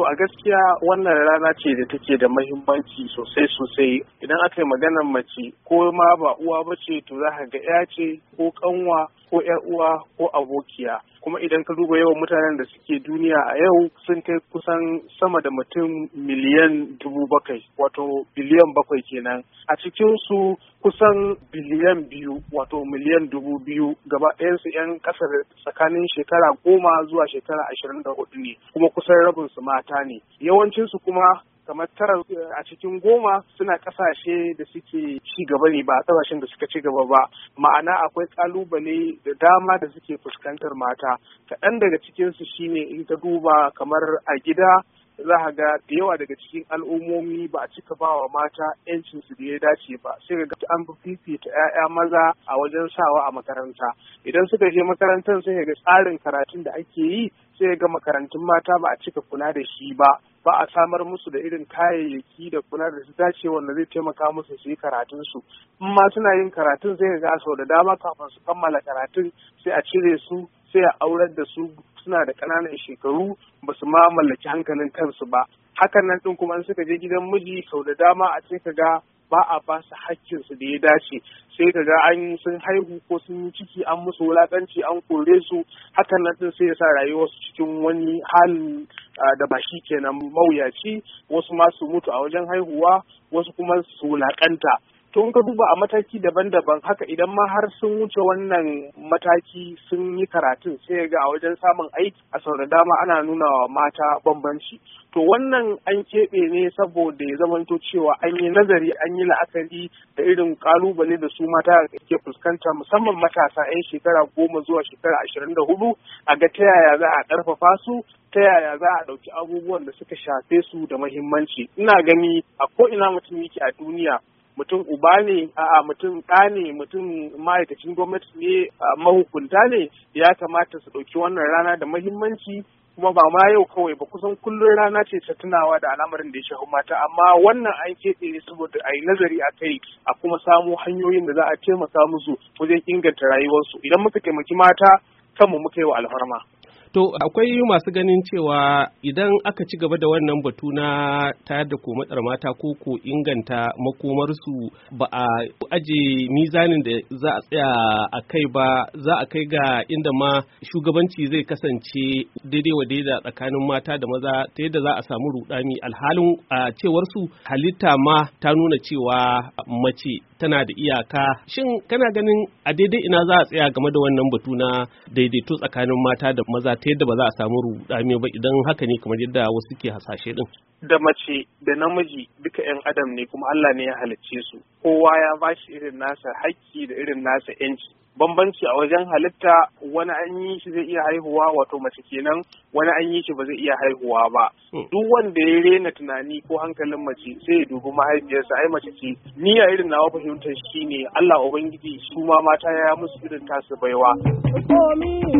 to a gaskiya wannan rana ce da take da mahimmanci sosai sosai idan aka yi maganar mace ko ma ba uwa ba ce to za ka ga ya ce ko kanwa ko yar uwa ko abokiya kuma idan ka duba yawan mutanen da suke duniya a yau sun kai kusan sama da mutum miliyan dubu bakwai wato biliyan bakwai kenan a cikin su kusan biliyan biyu wato miliyan dubu biyu gaba ɗayansu 'yan ƙasar tsakanin shekara goma zuwa shekara ashirin da hudu ne kuma kusan rabin su mata ne yawancinsu kuma kamar tara eh, a cikin goma suna kasashe da suke ci gaba ne ba kasashen da suka ci gaba ba ma'ana akwai kalubale da dama da suke fuskantar mata kaɗan daga cikinsu shine in ta duba kamar a gida za a ga da yawa daga cikin al'ummomi ba a cika ba wa mata yancin su da ya dace ba sai ga an fifita 'ya'ya maza a wajen sawa a makaranta idan suka je makarantar sai ga tsarin karatun da ake yi sai ga makarantun mata ba a cika kula da shi ba ba a samar musu da irin kayayyaki da kuna da su dace wanda zai taimaka musu su yi karatun su in ma suna yin karatun zai ga sau da dama kafin su kammala karatun sai a cire su sai a aurar da su suna da ƙananan shekaru ba su ma mallaki hankalin kansu ba hakan nan din kuma suka je gidan miji sau da dama a ce ka ga ba a ba su hakkin su da ya dace sai ka ga an sun haihu ko sun yi ciki an musu wulakanci an kore su hakan nan din sai ya sa rayuwarsu cikin wani halin da baki kenan mawuyaci wasu ma su mutu a wajen haihuwa wasu kuma su wulaƙanta tun ka duba a mataki daban-daban haka idan ma har sun wuce wannan mataki sun yi karatun sai ga a wajen samun aiki a sau da dama ana nuna wa mata bambanci to wannan an keɓe ne saboda ya zamanto cewa an yi nazari an yi la'akari da irin kalubale da su mata ke fuskanta musamman matasa 'yan shekara goma zuwa shekara ashirin da hudu a ga ta yaya za a ƙarfafa su ta yaya za a ɗauki abubuwan da suka shafe su da mahimmanci ina gani a ko ina mutum yake a duniya mutum uba ne a'a mutum ɗa ne mutum ma'aikacin gwamnati ne mahukunta ne ya kamata su ɗauki wannan rana da mahimmanci kuma ba ma yau kawai ba kusan kullum rana ce ta tunawa da al'amarin da ya shafi mata amma wannan an keɓe ne saboda a yi nazari a kai a kuma samo hanyoyin da za a taimaka musu wajen inganta rayuwarsu idan muka taimaki mata kanmu muka yi wa alfarma. To akwai masu ganin cewa idan aka ci gaba da wannan batu na tayar da komatsar mata ko ko inganta makomarsu ba a aje mizanin da za a tsaya a kai ba za a kai ga inda ma shugabanci zai kasance daidai wa daida tsakanin mata da maza ta yadda za a samu rudani alhalin a cewarsu halitta ma ta nuna cewa mace tana da iyaka shin kana ganin a daidai ina za a tsaya game da wannan batu na daidaito tsakanin mata da maza ta yadda ba za a samu rudame ba idan haka ne kamar yadda wasu ke hasashe din da mace da namiji duka yan adam ne kuma Allah ne ya halicce su kowa ya bashi irin nasa hakki da irin nasa yanci bambanci a wajen halitta wani an yi shi zai iya haihuwa wato mace kenan wani an yi shi ba zai iya haihuwa ba hmm. duk wanda ya rena tunani ko hankalin mace sai ya dubi mahaifiyarsa ai mace ce ni a irin nawa fahimtar shi ne Allah ubangiji su ma mata ya musu irin tasu baiwa komi